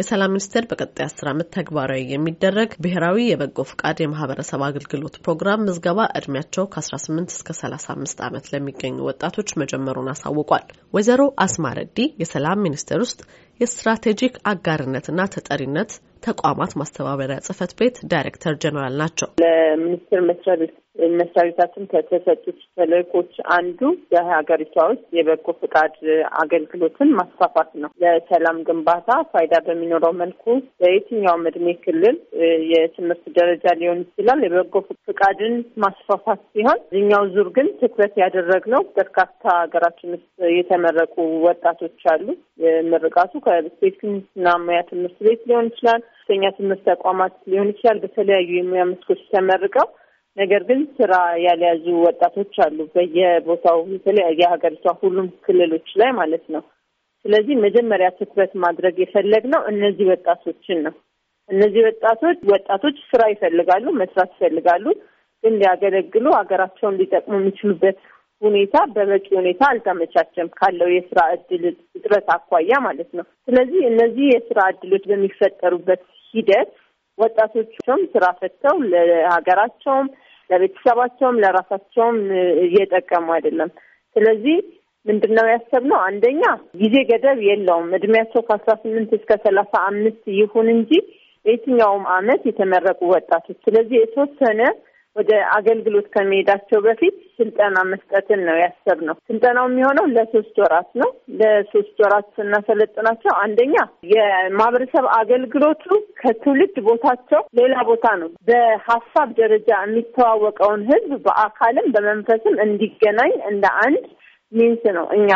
የሰላም ሚኒስቴር በቀጣይ አስር ዓመት ተግባራዊ የሚደረግ ብሔራዊ የበጎ ፍቃድ የማህበረሰብ አገልግሎት ፕሮግራም ምዝገባ እድሜያቸው ከ18 እስከ 35 ዓመት ለሚገኙ ወጣቶች መጀመሩን አሳውቋል። ወይዘሮ አስማረዲ የሰላም ሚኒስቴር ውስጥ የስትራቴጂክ አጋርነትና ተጠሪነት ተቋማት ማስተባበሪያ ጽህፈት ቤት ዳይሬክተር ጀኔራል ናቸው። ለሚኒስቴር መስሪያ ቤት መስሪያ ቤታችን ከተሰጡት ተልእኮች አንዱ በሀገሪቷ ውስጥ የበጎ ፍቃድ አገልግሎትን ማስፋፋት ነው። ለሰላም ግንባታ ፋይዳ በሚኖረው መልኩ በየትኛውም እድሜ ክልል፣ የትምህርት ደረጃ ሊሆን ይችላል የበጎ ፍቃድን ማስፋፋት ሲሆን እዚኛው ዙር ግን ትኩረት ያደረግነው በርካታ ሀገራችን ውስጥ የተመረቁ ወጣቶች አሉ። ምርቃቱ ከቴክኒክና ሙያ ትምህርት ቤት ሊሆን ይችላል፣ ከፍተኛ ትምህርት ተቋማት ሊሆን ይችላል። በተለያዩ የሙያ መስኮች ተመርቀው ነገር ግን ስራ ያልያዙ ወጣቶች አሉ በየቦታው የተለያየ ሀገሪቷ ሁሉም ክልሎች ላይ ማለት ነው። ስለዚህ መጀመሪያ ትኩረት ማድረግ የፈለግነው እነዚህ ወጣቶችን ነው። እነዚህ ወጣቶች ወጣቶች ስራ ይፈልጋሉ፣ መስራት ይፈልጋሉ። ግን ሊያገለግሉ ሀገራቸውን ሊጠቅሙ የሚችሉበት ሁኔታ በበቂ ሁኔታ አልተመቻቸም፣ ካለው የስራ እድል እጥረት አኳያ ማለት ነው። ስለዚህ እነዚህ የስራ እድሎች በሚፈጠሩበት ሂደት ወጣቶቹም ስራ ፈጥተው ለሀገራቸውም ለቤተሰባቸውም ለራሳቸውም እየጠቀሙ አይደለም። ስለዚህ ምንድን ነው ያሰብነው? አንደኛ ጊዜ ገደብ የለውም። እድሜያቸው ከአስራ ስምንት እስከ ሰላሳ አምስት ይሁን እንጂ የትኛውም አመት የተመረቁ ወጣቶች። ስለዚህ የተወሰነ ወደ አገልግሎት ከመሄዳቸው በፊት ስልጠና መስጠትን ነው ያሰብነው። ስልጠናው የሚሆነው ለሶስት ወራት ነው። ለሶስት ወራት ስናሰለጥናቸው አንደኛ የማህበረሰብ አገልግሎቱ ከትውልድ ቦታቸው ሌላ ቦታ ነው። በሀሳብ ደረጃ የሚተዋወቀውን ህዝብ በአካልም በመንፈስም እንዲገናኝ እንደ አንድ ሚንስ ነው እኛ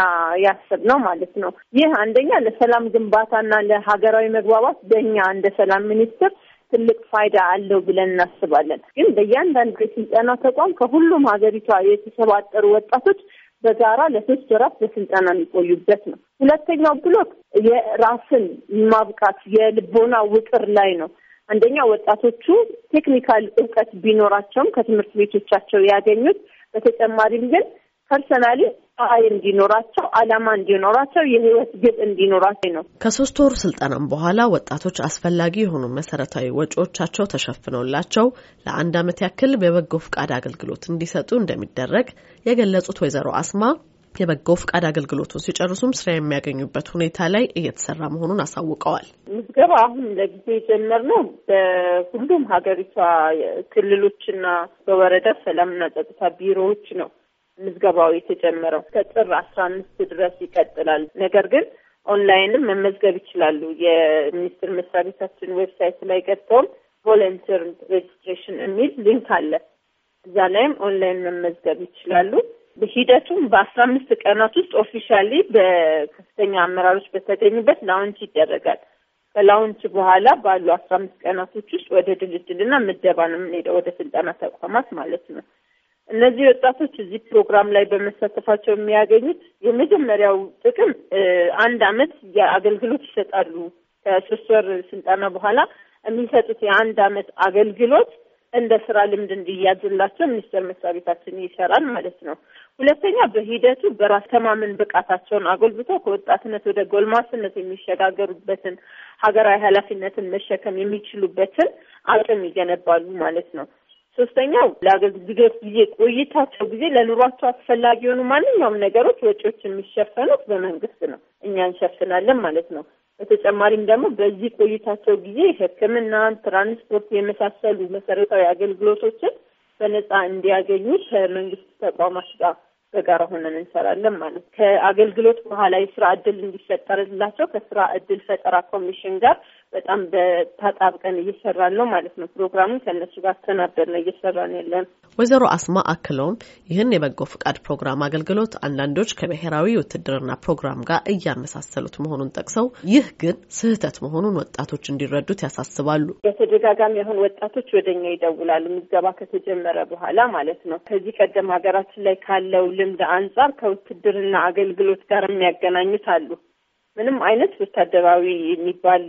ያሰብነው ማለት ነው። ይህ አንደኛ ለሰላም ግንባታና ለሀገራዊ መግባባት በእኛ እንደ ሰላም ሚኒስትር ትልቅ ፋይዳ አለው ብለን እናስባለን። ግን በእያንዳንዱ የስልጠና ተቋም ከሁሉም ሀገሪቷ የተሰባጠሩ ወጣቶች በጋራ ለሶስት ወራት በስልጠና የሚቆዩበት ነው። ሁለተኛው ብሎክ የራስን ማብቃት የልቦና ውቅር ላይ ነው። አንደኛ ወጣቶቹ ቴክኒካል እውቀት ቢኖራቸውም ከትምህርት ቤቶቻቸው ያገኙት፣ በተጨማሪም ግን ፐርሰናሊ አይ እንዲኖራቸው አላማ እንዲኖራቸው የህይወት ግብ እንዲኖራቸው ነው። ከሶስት ወር ስልጠናም በኋላ ወጣቶች አስፈላጊ የሆኑ መሰረታዊ ወጪዎቻቸው ተሸፍነውላቸው ለአንድ ዓመት ያክል በበጎ ፍቃድ አገልግሎት እንዲሰጡ እንደሚደረግ የገለጹት ወይዘሮ አስማ የበጎ ፍቃድ አገልግሎቱን ሲጨርሱም ስራ የሚያገኙበት ሁኔታ ላይ እየተሰራ መሆኑን አሳውቀዋል። ምዝገባ አሁን ለጊዜ የጀመርነው በሁሉም ሀገሪቷ ክልሎችና በወረዳ ሰላምና ጸጥታ ቢሮዎች ነው። ምዝገባው የተጀመረው ከጥር አስራ አምስት ድረስ ይቀጥላል። ነገር ግን ኦንላይንም መመዝገብ ይችላሉ። የሚኒስቴር መስሪያ ቤታችን ዌብሳይት ላይ ገብተውም ቮለንቲር ሬጅስትሬሽን የሚል ሊንክ አለ። እዛ ላይም ኦንላይን መመዝገብ ይችላሉ። ሂደቱም በአስራ አምስት ቀናት ውስጥ ኦፊሻሊ በከፍተኛ አመራሮች በተገኙበት ላውንች ይደረጋል። ከላውንች በኋላ ባሉ አስራ አምስት ቀናቶች ውስጥ ወደ ድልድልና ምደባ ነው የምንሄደው፣ ወደ ስልጠና ተቋማት ማለት ነው። እነዚህ ወጣቶች እዚህ ፕሮግራም ላይ በመሳተፋቸው የሚያገኙት የመጀመሪያው ጥቅም አንድ አመት የአገልግሎት ይሰጣሉ። ከሶስት ወር ስልጠና በኋላ የሚሰጡት የአንድ አመት አገልግሎት እንደ ስራ ልምድ እንዲያዝላቸው ሚኒስቴር መስሪያ ቤታችን ይሰራል ማለት ነው። ሁለተኛ በሂደቱ በራስ ተማምን ብቃታቸውን አጎልብቶ ከወጣትነት ወደ ጎልማስነት የሚሸጋገሩበትን ሀገራዊ ኃላፊነትን መሸከም የሚችሉበትን አቅም ይገነባሉ ማለት ነው። ሶስተኛው ለአገልግሎት ጊዜ ቆይታቸው ጊዜ ለኑሯቸው አስፈላጊ የሆኑ ማንኛውም ነገሮች ወጪዎች የሚሸፈኑት በመንግስት ነው፣ እኛ እንሸፍናለን ማለት ነው። በተጨማሪም ደግሞ በዚህ ቆይታቸው ጊዜ ሕክምናን፣ ትራንስፖርት የመሳሰሉ መሰረታዊ አገልግሎቶችን በነጻ እንዲያገኙ ከመንግስት ተቋማት ጋር በጋራ ሆነን እንሰራለን ማለት ከአገልግሎት በኋላ የስራ እድል እንዲፈጠርላቸው ከስራ እድል ፈጠራ ኮሚሽን ጋር በጣም በታጣብቀን እየሰራን ነው ማለት ነው። ፕሮግራሙን ከእነሱ ጋር ተናበርን ነው እየሰራን ያለን። ወይዘሮ አስማ አክለውም ይህን የበጎ ፍቃድ ፕሮግራም አገልግሎት አንዳንዶች ከብሔራዊ ውትድርና ፕሮግራም ጋር እያመሳሰሉት መሆኑን ጠቅሰው ይህ ግን ስህተት መሆኑን ወጣቶች እንዲረዱት ያሳስባሉ። በተደጋጋሚ አሁን ወጣቶች ወደኛ ይደውላሉ፣ ምዝገባ ከተጀመረ በኋላ ማለት ነው። ከዚህ ቀደም ሀገራችን ላይ ካለው ልምድ አንጻር ከውትድርና አገልግሎት ጋር የሚያገናኙት አሉ። ምንም አይነት ወታደራዊ የሚባል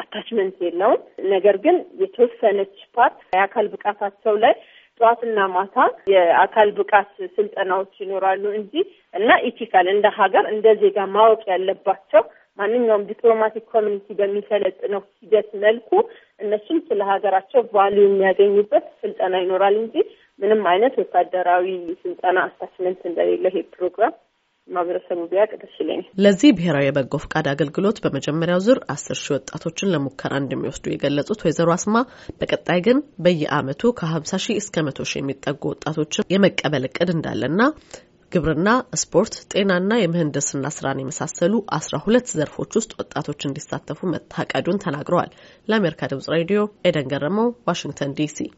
አታችመንት የለውም። ነገር ግን የተወሰነች ፓርት የአካል ብቃታቸው ላይ ጠዋትና ማታ የአካል ብቃት ስልጠናዎች ይኖራሉ እንጂ እና ኢቲካል እንደ ሀገር እንደ ዜጋ ማወቅ ያለባቸው ማንኛውም ዲፕሎማቲክ ኮሚኒቲ በሚሰለጥነው ሂደት መልኩ እነሱም ስለ ሀገራቸው ቫሉ የሚያገኙበት ስልጠና ይኖራል እንጂ ምንም አይነት ወታደራዊ ስልጠና አታችመንት እንደሌለ ይሄ ፕሮግራም ማህበረሰቡ ቢያውቅ ደስ ይለኛል። ለዚህ ብሔራዊ የበጎ ፈቃድ አገልግሎት በመጀመሪያው ዙር አስር ሺህ ወጣቶችን ለሙከራ እንደሚወስዱ የገለጹት ወይዘሮ አስማ በቀጣይ ግን በየአመቱ ከሀምሳ ሺህ እስከ መቶ ሺህ የሚጠጉ ወጣቶችን የመቀበል እቅድ እንዳለና ግብርና፣ ስፖርት፣ ጤናና የምህንድስና ስራን የመሳሰሉ አስራ ሁለት ዘርፎች ውስጥ ወጣቶች እንዲሳተፉ መታቀዱን ተናግረዋል። ለአሜሪካ ድምጽ ሬዲዮ ኤደን ገረመው፣ ዋሽንግተን ዲሲ